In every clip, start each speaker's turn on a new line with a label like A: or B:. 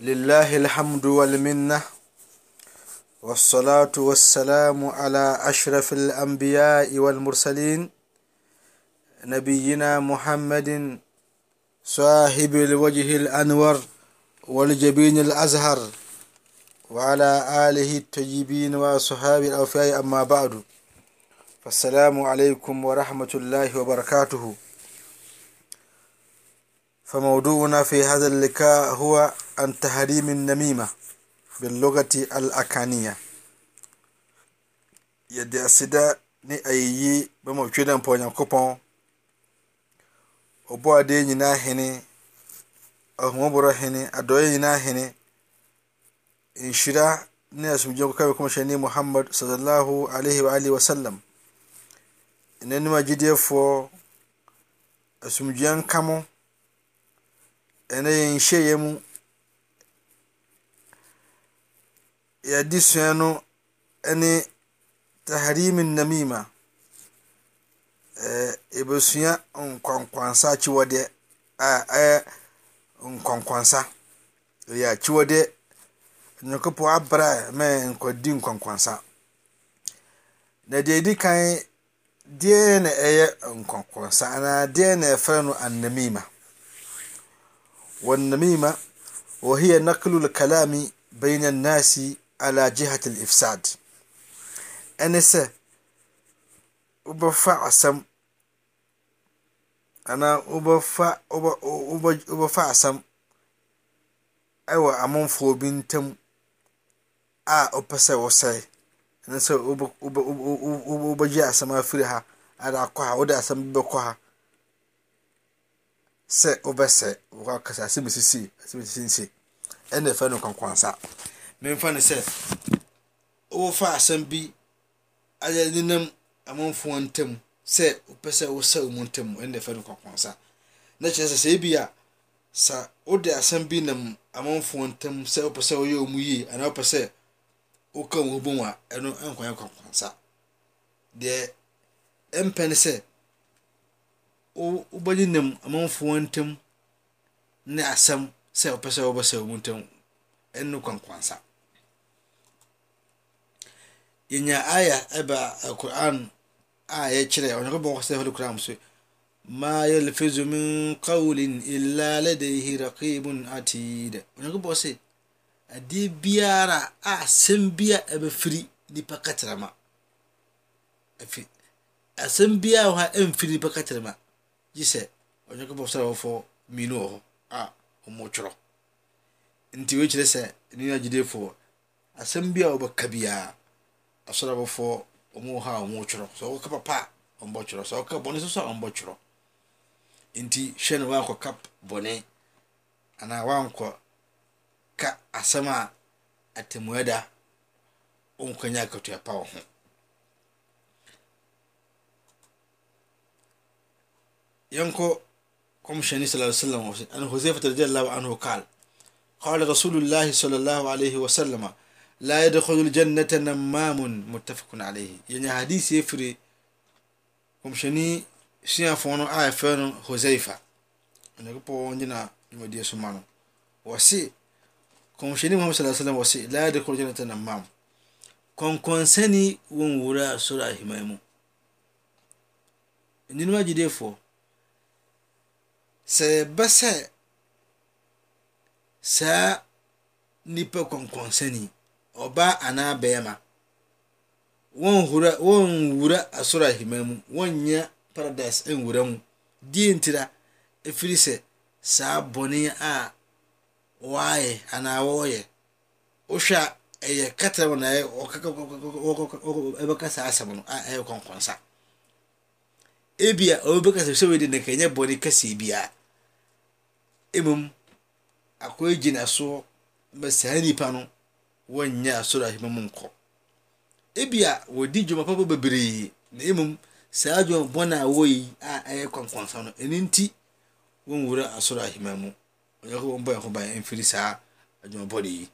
A: لله الحمد والمنة والصلاة والسلام على أشرف الأنبياء والمرسلين نبينا محمد صاحب الوجه الأنور والجبين الأزهر وعلى آله الطيبين وصحابه الأوفياء أما بعد فالسلام عليكم ورحمة الله وبركاته فموضوعنا في هذا اللقاء هو atahrminamima bilugati alakania yɛde asida ne ayi bamatwedanpɔnyankopɔn obo ade nyinahine ahomu borɔhine adɔyi nyinahine nsyira ne asgeakkakuhnimuhaad sal lah alh wli wasalam ne numa gideɛ fuɔ asmgeankamu ɛne yenhyɛemu yɛdi sua no ne tahrime nnamima ɔbɛsua nkonkonsa akyiwɔ deɛ ɛɛ nkonkɔnsa ɔyɛ akyiwɔ deɛ nyinkopɔ abra me nkɔdi nkonkonsa na deɛdi kane deɛ ne ɛyɛ nkonkɔnsa anaa deɛ ne ɛfrɛ no anamima wɔ namima ɔhiya naklelcalame bainaanase ala jihat al-ifsad ɛne sɛ wobɛfa asɛm anaa wobɛfa wobɛfa asɛm ɛwɔ amanfoɔ bi ntam a wopɛ sɛ wosɛe ɛne sɛ wobɛgye asɛm afiri ha ada akɔ ha wode asɛm bi bɛkɔ ha sɛ wobɛsɛe wɔkɔ asɛm sisi asɛm sisi nsi ɛna ɛfɛ no kwankwansa memfa ne sɛ wofa asɛm bi ayɛ nenam amanfoɔ ntam sɛ wopɛ sɛ wosa wo mu ntam ɛne dɛ fɛ no kɔkɔnsa na kyerɛ sɛ sɛ ebi a sa wode asɛm bi nam amanfoɔ ntam sɛ wopɛ sɛ woyɛ wo mu yie anaa wopɛ sɛ woka wo ho bom a ɛno ɛnkɔyɛ kɔkɔnsa deɛ ɛmpɛ ne sɛ wobɛgye nam amanfoɔ ntam ne asɛm sɛ wopɛ sɛ wobɛsɛ wo mu ntam ɛno kwankwansa yɛnya aya ɛba alquran a yɛkyerɛ onyankopɔn kɔ sɛ hɔde koraa m so ma yalfizu min qawlin illa ladayhi raqibun atid onyankopɔn sɛ adeɛ biara a asɛm bia ɛbɛfiri nipa katrama afi asɛm biara hɔ a ɛmfiri nipa katrama gye sɛ onyankopɔn sɛ wɔfɔ mmienu wɔ hɔ a ɔmotworɔ nti wɔkyerɛ sɛ ne agyedefoɔ asɛm bia wɔbɛka biara asɔrɔbɔfoɔ ɔmo ha ɔmo twerɔ sɛ ɔka papa ɔmbɔ twerɔ sɛ ɔka bɔne soso a ɔmbɔ twerɔ nti hwɛ no woankɔka bɔne anaa woankɔ ka asɛm a atemmuada wonkɔnya akatua pa wo ho ينكو قم شني صلى الله عليه وسلم أن حذيفة رضي الله عنه قال قال رسول الله صلى الله عليه la yadkhulul jannata nammamun muttafaqun alayhi yɛnya hadisi efiri kɔmhyɛni suafoɔ no a ɛfrɛ no hoseifa onyankopɔn gyina dwumadie so ma no wɔse kɔmhyɛni muhammad sallallahu alaihi wasallam wɔse la yadkhulul jannata nammam kɔnkɔnsani wɔn wura soro ahemman mu nninom agyideefoɔ sɛ ɛbɛ sɛ saa nipa kɔnkɔnsani ɔbaa anaa bɛrima wɔnwura wɔnwura asɔrɔ ahima mu wɔnnya paradise nwura mu die ntira efiri sɛ saa bɔne a wɔayɛ anaa wɔɔyɛ wohwɛ a ɛyɛ kata wɔn a ɛbɛka saa asɛm no a ɛyɛ kɔnkɔnsa ebia ɔbɛka sɛ sɛwɛde na kɛnyɛ bɔne kɛseɛ biara emom akɔɛ gyina soɔ bɛ saa nipa no wɔnyɛ asɔre ahema mu nkɔ ebia wɔdi dwuma papa bebree na emom saa dwuma bɔn a wɔyi a ɛyɛ kwankwansa no ɛne nti wɔnwura asɔre ahema mu ɔyɛ kɔ wɔn bɔ yɛn ho ban mfiri saa adwuma bɔde yi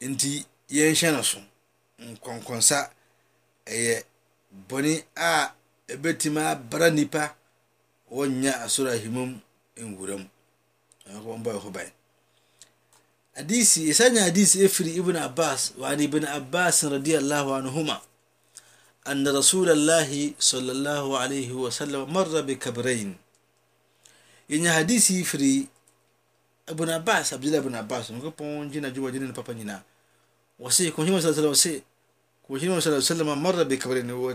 A: nti yɛnhyɛ no so nkwankwansa ɛyɛ bɔne a ɛbɛtumi abara nipa wɔnyɛ asɔre ahema mu nwura mu ɔyɛ kɔ wɔn bɔ yɛn ban. hadisi ya sanya hadisi ifri ibn abbas wa ni ibn abbas radiyallahu anhuma anna rasulullahi sallallahu alaihi wa sallam marra bi kabrain yenye hadisi ifri ibn abbas abdullah ibn abbas ngo pon jina juba na papa nyina wasi ko hima sallallahu wasi ko hima sallallahu sallam marra bi kabrain wo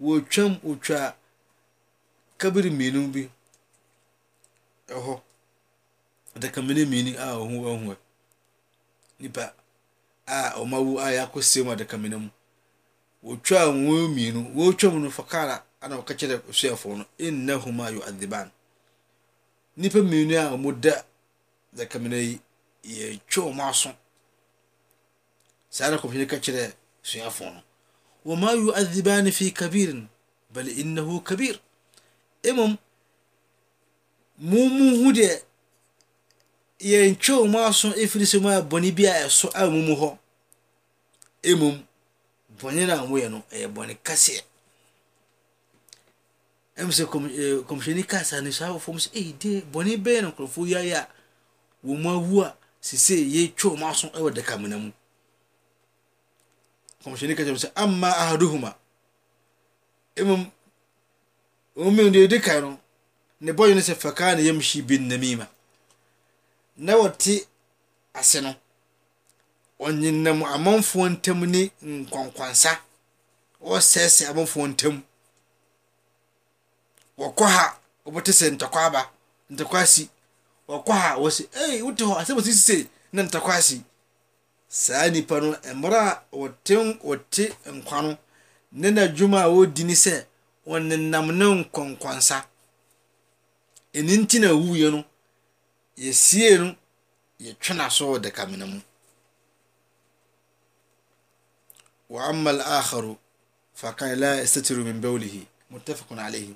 A: wo twam otwa kabiri minu bi eho da kamini mini a ah, ohun ohun nipa a ɔmawu a yɛakɔsie mu adakamena mu wɔtwa wɔn mmienu wɔtwa mu no fakara ana wɔka kyerɛ asuafoɔ no innahuma yu'adhiban nipa mmienu a da adakamena yi yɛtwa ma aso saa na kɔmpiini ka kyerɛ asuafoɔ no wɔma yu'adhiban fi kabirin bal innahu kabir mmom mu mu hu deɛ yɛntwe wɔn aso efiri sɛ mu a bɔnne bi a ɛso a mu mu hɔ emom bɔnne na wɔyɛ no ɛyɛ bɔnne kaseɛ ɛmu sɛ kɔm ɛɛ eh, kɔmhyɛni kaasa ne saa fɔm sɛ ɛyi de bɔnne bɛyɛ na nkurɔfoɔ yi ayɛ a wɔn awu a sise yɛtwe wɔn aso ɛwɔ dakamina mu kɔmhyɛni kaasa sɛ ama ahaduhuma emom wɔn mu deɛ edi kan no ne bɔyɛ no sɛ fakaa na yɛm hyi bi nnamima. na wɔte ase no ɔnyenam amanfoɔ ntam ne nkwankwansa wɔsɛɛsɛ amanfoɔ ntam wɔkɔ ha wɔbɛte sɛ ntɔkwa aba ntɔkwa asi wɔkɔ ha wɔsɛ ee wote hɔ asɛm ɔsi sise na ntɔkwa asi saa nipa no mmerɛ a wɔte wɔte nkwa no ne n'adwuma a wɔredi ne sɛ wɔnenam ne nkwankwansa ɛni nti na wuiɛ no yɛsie no yɛtwe n'aso wɔ dakamena mu wa amma al-akharu fa kan la yastatiru min bawlihi muttafaqun alayhi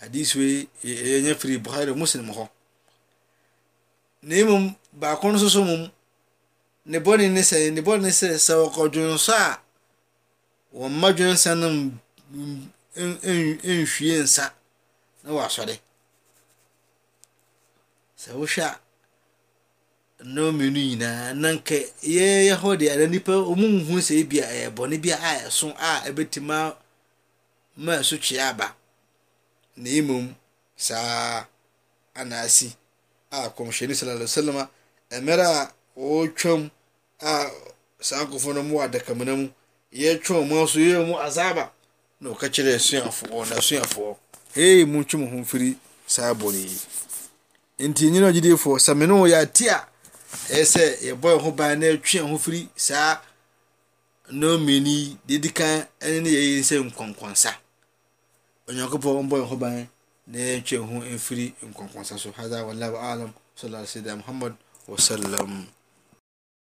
A: hadisi wei yɛnyɛ firi buhari muslim hɔ na mmom baako no soso mom ne bɔne ne sɛ ne bɔne sɛ sɛ wɔkɔdwene so a wɔmma dwene sɛ no nhwie nsa na wɔasɔre sɛ wohwɛ a na nyinaa nanka yɛyɛ hɔ deɛ ana nipa ɔmu nhu sɛ ebi a ɛyɛ bɔne bi a ɛso a ɛbɛtumi ma ɛso twe aba na mmom saa anaasi a kɔmhyɛni sallallahu alaihi wasallam a mmerɛ a wɔretwam a saa nkurɔfoɔ no mu wɔ adaka mu yɛtwam mu nso yɛ mu azaba na ɔka kyerɛ asuafoɔ na asuafoɔ hei mu ntwe mo ho mfiri saa bɔne yi nti nyina agyidifoɔ sɛ mene wo yɛate a ɛyɛ sɛ yɛbɔ yɛn ho ban na ɛtwe yɛn ho firi saa nnɔmmienu yi deɛ di kan ne yɛyɛ sɛ nkɔnkɔnsa onyankopɔn bɔ yɛn ho ban na yɛtwe ho mfiri nkɔnkɔnsa so hada wallahu alam sallallahu alaihi wa muhammad wa